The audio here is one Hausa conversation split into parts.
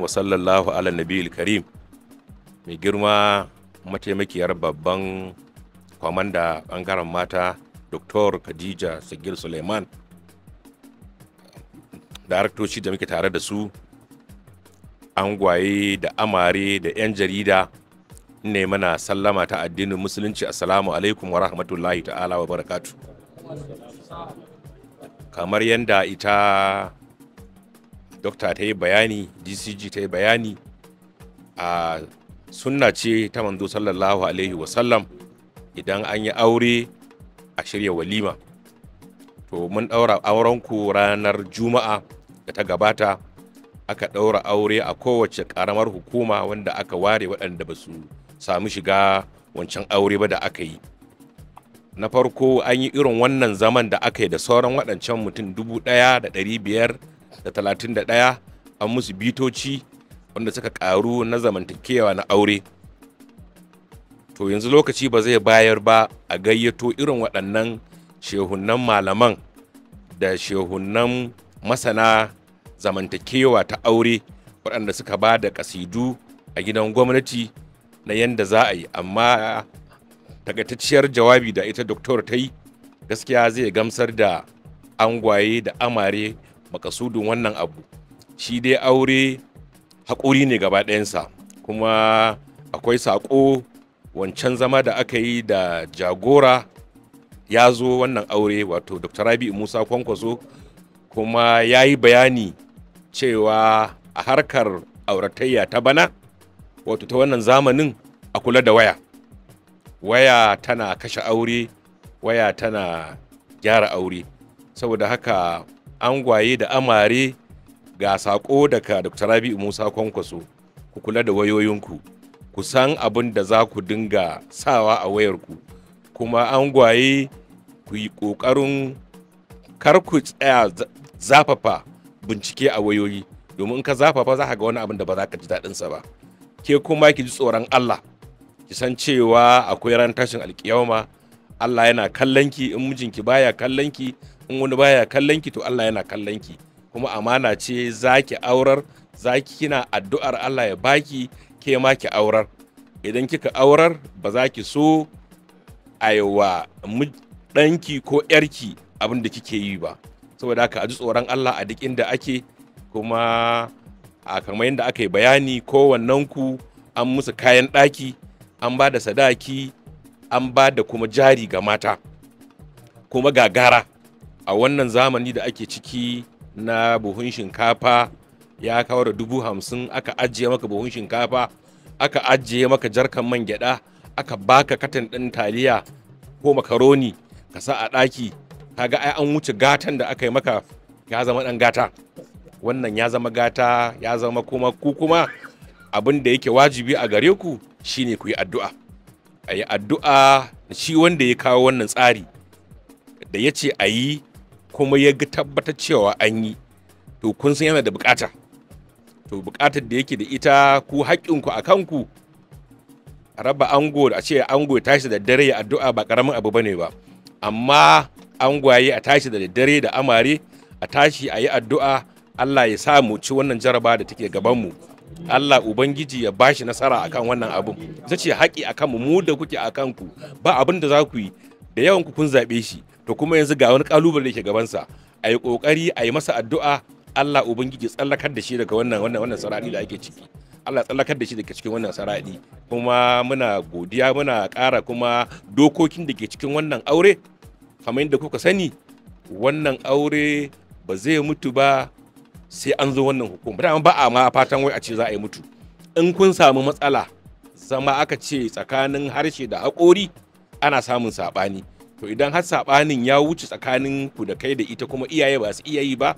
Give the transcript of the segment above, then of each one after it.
wa sallallahu ala nabiyil karim mai girma mataimakiyar babban kwamanda bangaren mata dr khadija sagir suleiman da arktoci da muke tare da su angwaye da amare da 'yan jarida ne mana sallama ta addinin musulunci assalamu alaikum wa rahmatullahi ta'ala wa barakatu kamar yadda ita dokta ta yi bayani dcg ta yi bayani a sunna ce ta manzo sallallahu alaihi wasallam idan an yi aure a shirya walima to mun ɗaura aurenku ranar juma'a da ta gabata aka ɗaura aure a kowace ƙaramar hukuma wanda aka ware waɗanda ba su samu shiga wancan aure ba da aka yi na farko an yi irin wannan zaman da aka yi da sauran waɗancan mutum dubu ɗaya da ɗari biyar da 31 an musu bitoci wanda suka karu na zamantakewa na aure to yanzu lokaci ba zai bayar ba a gayyato irin waɗannan shehunan malaman da shehunan masana zamantakewa ta aure waɗanda suka ba da kasidu a gidan gwamnati na yadda za a yi amma takaitacciyar jawabi da ita doktor ta yi gaskiya zai gamsar da angwaye da amare makasudin wannan abu shi dai aure haƙuri ne gaba ɗayansa kuma akwai saƙo wancan zama da aka yi da jagora ya zo wannan aure wato dr rabi musa kwankwaso kuma ya yi bayani cewa a harkar auratayya ta bana wato ta wannan zamanin a kula da waya waya tana kashe aure waya tana gyara aure saboda haka angwaye da amare ga sako daga Dr. Rabi'u Musa Kwankwaso ku kula da wayoyinku ku san abin da za ku dinga sawa a wayarku kuma angwaye ku yi ƙoƙarin kar ku tsaya zafafa bincike a wayoyi domin ka zafafa za ka ga wani abin da ba za ka ji daɗinsa ba ke kuma ki ji tsoron Allah ki san cewa akwai ran tashin alkiyama Allah yana kallon ki in mijinki baya kallon ki in wani baya kallon ki to Allah yana kallon ki kuma amana ce zaki aurar zaki kina addu'ar Allah ya baki ke ma ki aurar idan kika aurar ba za ki so aiwa ɗanki ko yarki abin da kike yi ba saboda haka a ji tsoron Allah a duk inda ake kuma a kamar yadda aka yi bayani ku an musu kayan ɗaki an ba da sadaki an ba da kuma jari ga mata kuma gagara a wannan zamani da ake ciki na buhun shinkafa ya kawo da dubu hamsin aka ajiye maka buhun shinkafa aka ajiye maka jarkan man gyada aka baka katin ɗin taliya ko makaroni ka sa a ɗaki kaga ai an wuce gatan da aka yi maka ya zama ɗan gata wannan ya zama gata ya zama kuma ku kuma abin da yake wajibi a gare ku shine ku yi addu'a a yi addu'a shi wanda ya kawo wannan tsari da ya ce a yi kuma ya ga tabbatar cewa an yi to kun san yana da bukata to bukatar da yake da ita ku haƙƙinku a kanku a raba ango a ce ango ya tashi da dare ya addu'a ba karamin abu bane ba amma angwaye a tashi da dare da amare a tashi a yi addu'a Allah ya sa mu ci wannan jaraba da take gaban mu Allah Ubangiji ya bashi nasara akan wannan abun ita haƙi akan mu mu da kuke akan ku ba abin da za ku yi da yawan ku kun zaɓe shi to kuma yanzu ga wani kalubale da ke gabansa a yi ƙoƙari a yi masa addu'a Allah ubangiji tsallakar da shi daga wannan wannan wannan sarari da ake ciki Allah tsallakar da shi daga cikin wannan sarari kuma muna godiya muna ƙara kuma dokokin da ke cikin wannan aure kamar yadda kuka sani wannan aure ba zai mutu ba sai an zo wannan hukuma dama ba a ma fatan wai a ce za a yi mutu in kun samu matsala zama aka ce tsakanin harshe da haƙori ana samun saɓani to idan har saɓanin ya wuce tsakanin ku da kai da ita kuma iyaye ba su iya yi ba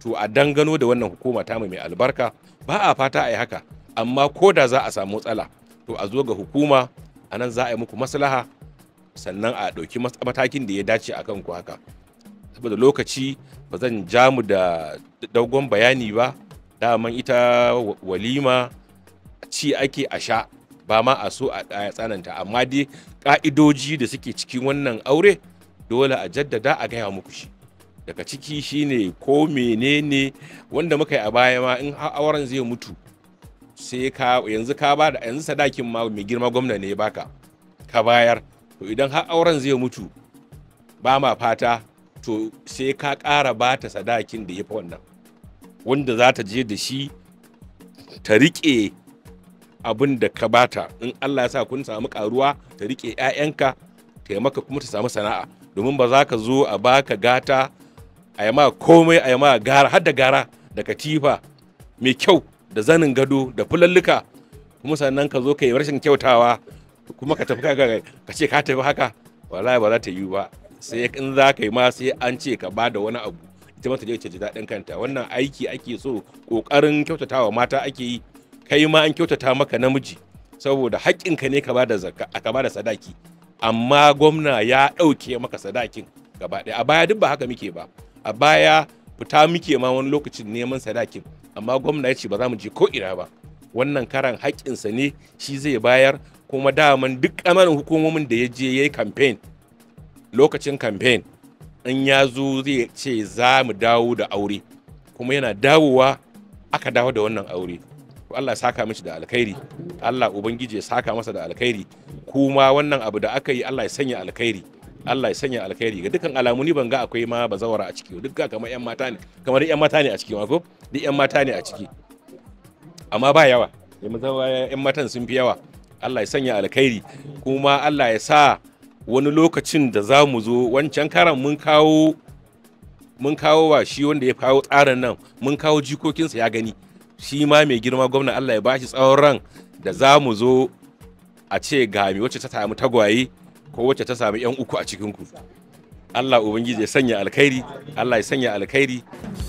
to a dangano da wannan hukuma ta mai albarka ba a fata a yi haka amma ko da za a samu matsala to a zo ga hukuma a nan za a yi muku maslaha sannan a ɗauki matakin da ya dace a kanku haka saboda lokaci ba zan ja mu da dogon bayani ba daman ita walima ci ake a sha ba ma a so a tsananta amma dai ka'idoji da suke cikin wannan aure dole a jaddada a gaya muku shi daga ciki shine ko menene wanda muka yi a baya ma in auren zai mutu sai ka yanzu ka ba da yanzu sadakin ma mai girma gwamna ne baka ka bayar to idan har auren zai mutu ba ma fata to sai ka ƙara ba ta sadakin da ya fi wannan wanda za ta je da shi ta riƙe abin da ka bata in Allah ya sa kun samu karuwa ta rike 'ya'yanka taimaka kuma ta samu sana'a domin ba za ka zo a baka gata a yi ma komai a yi ma gara har da gara da katifa mai kyau da zanin gado da fulalluka kuma sannan ka zo ka yi rashin kyautawa kuma ka tafi ka ce ka tafi haka wallahi ba za ta yi ba sai in za ka yi ma sai an ce ka ba da wani abu ita mata je ta ji daɗin kanta wannan aiki ake so ƙoƙarin kyautatawa mata ake yi kai ma an kyautata maka namiji saboda haƙƙinka ne ka bada zakka ka da sadaki amma gwamna ya ɗauke maka sadakin gaba ɗaya a baya duk ba haka muke ba a baya fita muke ma wani lokacin neman sadakin amma gwamna ya ce ba za mu je ko ina ba wannan karan haƙƙinsa ne shi zai bayar kuma daman duk ƙananan hukumomin da ya je ya yi kamfen lokacin kamfen in ya zo zai ce za mu dawo da aure kuma yana dawowa aka dawo da wannan aure Allah ya saka mishi da alkhairi Allah ubangiji ya saka masa da alkhairi kuma wannan abu da aka yi Allah ya sanya alkhairi Allah ya sanya alkhairi ga dukkan alamu ni ban ga akwai ma bazawara a ciki dukka kamar yan mata ne kamar yan mata ne a ciki ma ko duk yan mata ne a ciki amma ba yawa yan matan sun fi yawa Allah ya sanya alkhairi kuma Allah ya sa wani lokacin da za mu zo wancan karan mun kawo mun kawo wa shi wanda ya kawo tsarin nan mun kawo jikokinsa ya gani shi ma mai girma gwamna Allah ya bashi tsawon ran da za mu zo a ce ga wacce ta samu tagwaye ko wacce ta samu yan uku a cikinku Allah ubangiji ya sanya alkhairi Allah ya sanya alkhairi